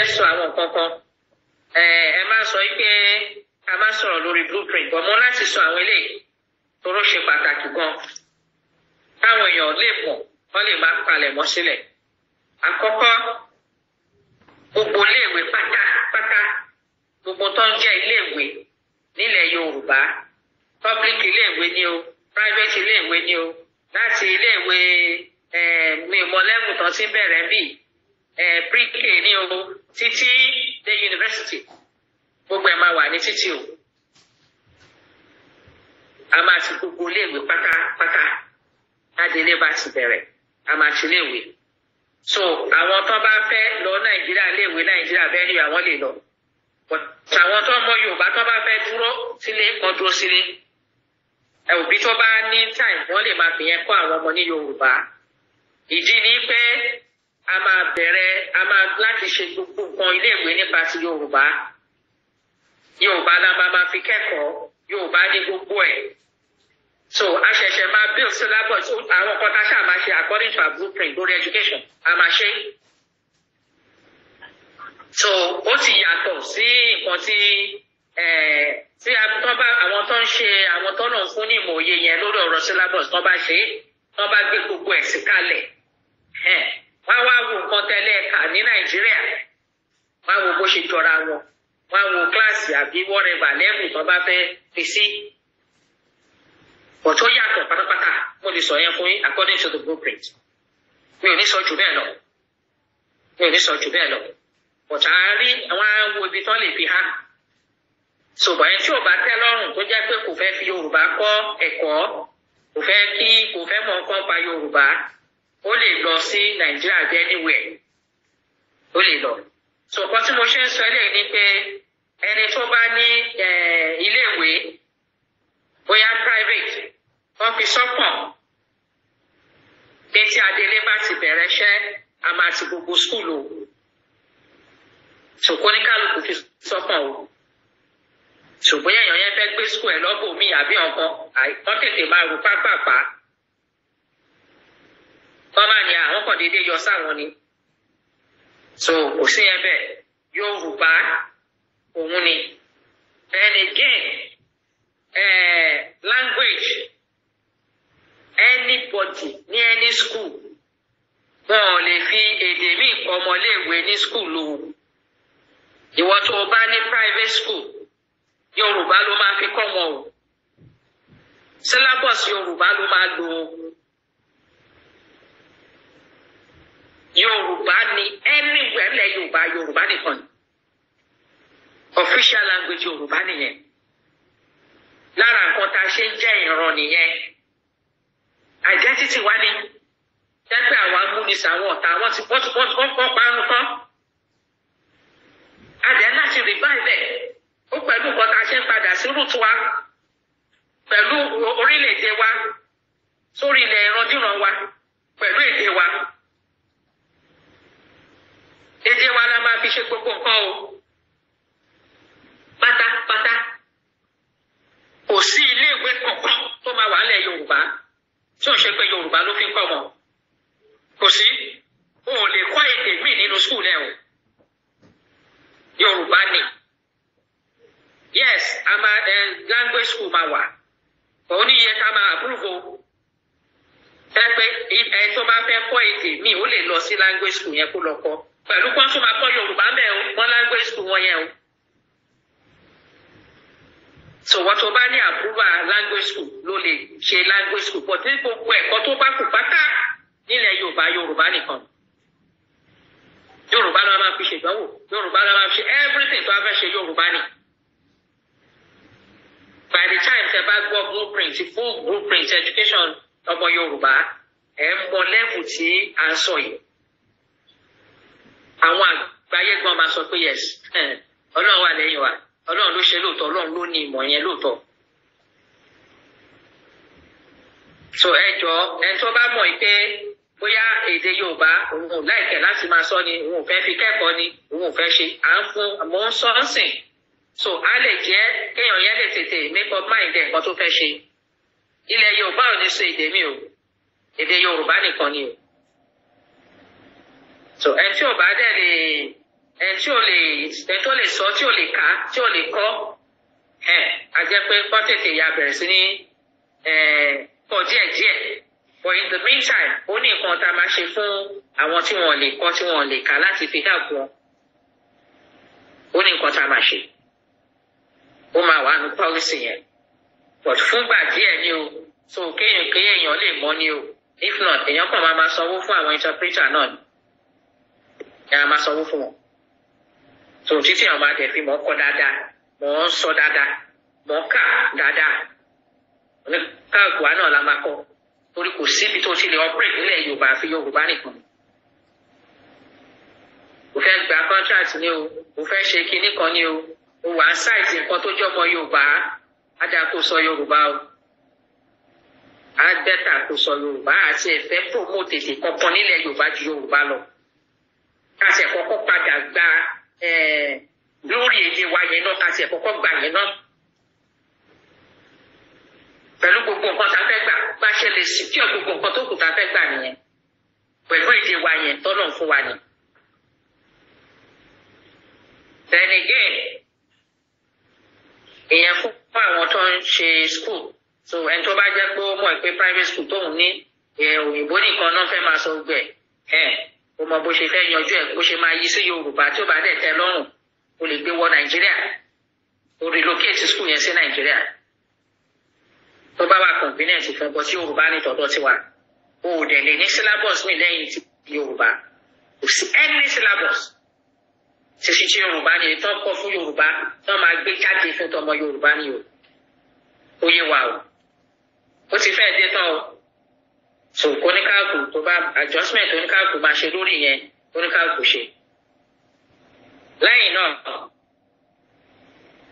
ẹ sọ àwọn nǹkan kan ẹ má sọ pé a má sọ̀rọ̀ lórí blueprint ọmọ láti sọ àwọn eléyìí toró ṣe pàtàkì gan káwọn èèyàn lè mọ̀ wọ́n lè má palẹ̀ mọ́ sílẹ̀ àkọ́kọ́ gbogbo iléèwé pátápátá gbogbo tó ń jẹ́ iléèwé nílẹ̀ Yorùbá public iléèwé ni o private iléèwé ni o láti iléèwé mi ìmọ̀lẹ́gùn tán ti bẹ̀rẹ̀ bíi Eh, pre-k ní o títí dé yunifásitì gbogbo ẹ̀ máa wà ní títì o a máa ti gbogbo iléèwé pátápátá adélé bá ti bẹ̀rẹ̀ a máa ti léèwé so àwọn tó bá fẹ́ lọ nàìjíríà léèwé nàìjíríà bẹ́ẹ̀ ni àwọn lè lọ àwọn tó mọ yorùbá tó bá fẹ́ dúró sílé kan dúró sílé òbí tó bá ní time wọ́n lè máa fìyẹn kọ́ àwọn ọmọ ní yorùbá ìdí ni pé a máa bẹ̀rẹ̀ a máa láti ṣe gbogbo nǹkan iléèwé nípa ti Yorùbá Yorùbá la máa máa fi kẹ́kọ̀ọ́ Yorùbá ní gbogbo ẹ̀ so a ṣẹ̀ṣẹ̀ máa build syllabus àwọn kan tá a ṣáà máa ṣe according to our blueprint lórí education a máa ṣe so ó ti yàtọ̀ sí nǹkan tí tí àwọn tó ń ṣe àwọn tó náà fún ní ìmọ̀ òye yẹn lórí ọ̀rọ̀ syllabus tó bá ṣe tó bá gbé gbogbo ẹ̀ sí kalẹ̀ wọ́n á wá wo nǹkan tẹ́lẹ̀ kà ní nàìjíríà wọ́n á wo bó ṣe jọra wọn wọ́n á wo kíláàsì àbí wọ́rẹ̀bà lẹ́bùn tó bá fẹ́ fi sí ọ̀tọ́ yàtọ̀ pátápátá mo lè sọ yẹn fún yín according to the blueprint mi ò ní sọ jù bẹ́ẹ̀ lọ mi ò ní sọ jù bẹ́ẹ̀ lọ ọ̀tá rí àwọn àwọn ibi tán lè fi há ṣùgbọ́n ẹni tí ò bá tẹ́ lọ́rùn tó jẹ́ pé kò fẹ́ fi yorùbá kọ́ ẹ̀kọ́ kò fẹ́ kí kò fẹ́ mọ̀ nǹkan pa yorùbá ó lè lọ sí nàìjíríà bí anywhere ó lè lọ so nǹkan tí mo ṣe ń sọ eléyìí ni pé ẹni tó bá ní iléèwé bóyá private wọn fi sọ́kàn pé tí adélé bá ti bẹ̀rẹ̀ iṣẹ́ a máa ti gbogbo skul o sòkò ní kálukú fi sọ́kàn o ṣùgbọ́n èèyàn yẹn fẹ́ gbé skul ẹ̀ lọ́bùnmí àbí ọkàn àìkọ́ tètè máa rò pápápá tọ́lá ni àwọn kan déédéé yọ sáwọn ni so kò sí yẹn bẹ́ẹ̀ Yorùbá òun ni then again eh, language anybody ní any school wọn ò lè fi èdè míì ọmọléèwé ní school lò ìwọ tó o bá ní private school Yorùbá ló máa fi kọ́ wọn o syllabus Yorùbá ló máa lò o. yorùbá ni anywhere lẹ yorùbá yorùbá nìkan ni official language yorùbá nìyẹn lára nǹkan tá a ṣe ń jẹ́ ìran nìyẹn identity wa ni dẹ́gbẹ́ àwọn amúnisà àwọn ọ̀tá wọ́n ti wọ́n ti wọ́n ti wọ́n kọ́ parun tán adẹ́ láti rí báyìí ó pẹ̀lú nǹkan tá a ṣe ń padà sí rútu wa pẹ̀lú orílẹ̀-èdè wa sórí ilẹ̀ ìrandíran wa pẹ̀lú èdè wa èdè wa la máa fi ṣe gbogbo nǹkan o pátápátá kò sí iléèwé kankan tó máa wà lẹ̀ yorùbá tí ò ṣe pé yorùbá ló fi ń kọ́ wọn kò sí o ò lè kọ́ èdè míì nínú skul ẹ o yorùbá ni yes a máa ẹ eh, language school máa wà òun ní iye ká máa approve o ẹ pé ẹ tó bá fẹ́ kọ́ èdè míì ó lè lọ sí language school yẹn kó lọ kọ́ pẹ̀lú kí wọ́n tún máa kọ́ yorùbá bẹ́ẹ̀ o wọ́n language school wọn yẹn o. so wọ́n tó bá ní àbúrò language school ló lè ṣe language school pọ̀ tí gbogbo ẹ̀kọ́ tó bá kù pátá nílẹ̀ yorùbá yorùbá nìkan yorùbá la máa fi ṣèdánwò yorùbá la máa fi everything tó a fẹ́ ṣe yorùbá ni by the time tẹ bá gbọ́ blueprint full blueprint education ọmọ yorùbá ẹ ń mọ level tí à ń sọ yìí àwọn àgbáyé gan máa sọ pé yes eh, ọlọ́run wà lẹ́yìn wa ọlọ́run ló ṣe lóòótọ́ ọlọ́run ló ní ìmọ̀ yẹn lóòótọ́. so ẹ jọ ẹ tó bá mọ̀ pé bóyá èdè yorùbá òun ò láìkẹ́ láti máa sọ ni òun ò fẹ́ fi kẹ́kọ̀ọ́ ni òun ò fẹ́ ṣe à ń fún mò ń sọ ọ́ sìn so a lè jẹ́ kéèyàn yẹn lè tètè make up mind ẹ̀ nǹkan tó fẹ́ ṣe ilẹ̀ yorùbá ò ní sọ èdè mi o èdè yorùbá nìkan ni o so ẹ tí ò bá dẹ̀ lè ẹ tí ò lè ẹ tó lè sọ tí ò lè kà tí ò lè kọ́ ẹ a jẹ́ pé kọ́ tètè ya bẹ̀rẹ̀ sí ní ẹ kọ́ díẹ̀ díẹ̀ but in the meantime ó ní nǹkan tá a máa ṣe fún àwọn tí wọ́n lè kọ́ tí wọ́n lè kà láti fi dáàbò wọn ó ní nǹkan tá a máa ṣe ó máa wà ní pọ́lísì yẹn but fúngbà díẹ̀ ni o so kéèyàn kéèyàn lè mọ̀ ni o if not èèyàn kàn máa máa sanwó fún àwọn interpreter náà ni ẹ máa sanwó fún wọn so títí àwọn máa tẹ̀ fi mọ́ kọ́ dáadáa mọ́ sọ dáadáa mọ́ kà dáadáa oníkà àgbà náà la máa kọ́ torí kò síbi tó ti lè operate nílẹ̀ Yorùbá àfi Yorùbá nìkan kò fẹ́ gba contract ni o kò fẹ́ ṣe kinní kan ni o o wà á ṣáìsì nǹkan tó jọmọ Yorùbá á dáa sọ Yorùbá o á bẹ́tà sọ Yorùbá àti ẹ̀fẹ́ promote tètè kankan nílẹ̀ Yorùbá ju Yorùbá lọ ká ṣe kọ́kọ́ padà gba lórí èdè wa yẹn náà ká ṣe kọ́kọ́ gbà yẹn náà pẹ̀lú gbogbo nǹkan tá a fẹ́ gbà bá ṣe lè sí kí gbogbo nǹkan tó kù tá a fẹ́ gbà nìyẹn pẹ̀lú èdè wa yẹn tọ́nà fún wa ni. then again èèyàn fún àwọn tó ń ṣe school so ẹni tó bá jẹ́ pé ó mọ̀ pé private school tóun ní òyìnbó nìkan náà fẹ́ máa sọ gbẹ̀ o mọ bó ṣe fẹ́ yanjú ẹ̀ bó ṣe máa yí sí yorùbá tí ó bá dẹ̀ tẹ́ lọ́rùn o lè gbé wọ nàìjíríà o relocate school yẹn sí nàìjíríà tó bá wà convenient fún bọ́ sí yorùbá ní tọ̀dọ̀ tiwa o ò dẹ̀ lè ní syllabus mi lẹ́yìn ti yorùbá kò sí any syllabus ṣíṣí tí yorùbá ni tó ń kọ́ fún yorùbá tó máa gbé jáde fún tọmọ yorùbá ni o ó yé wa o ó ti fẹ́ dé tán o so oníkàkù tó bá adjustment oníkàkù máa ṣe lórí yẹn oníkàkù ṣe lẹ́yìn náà.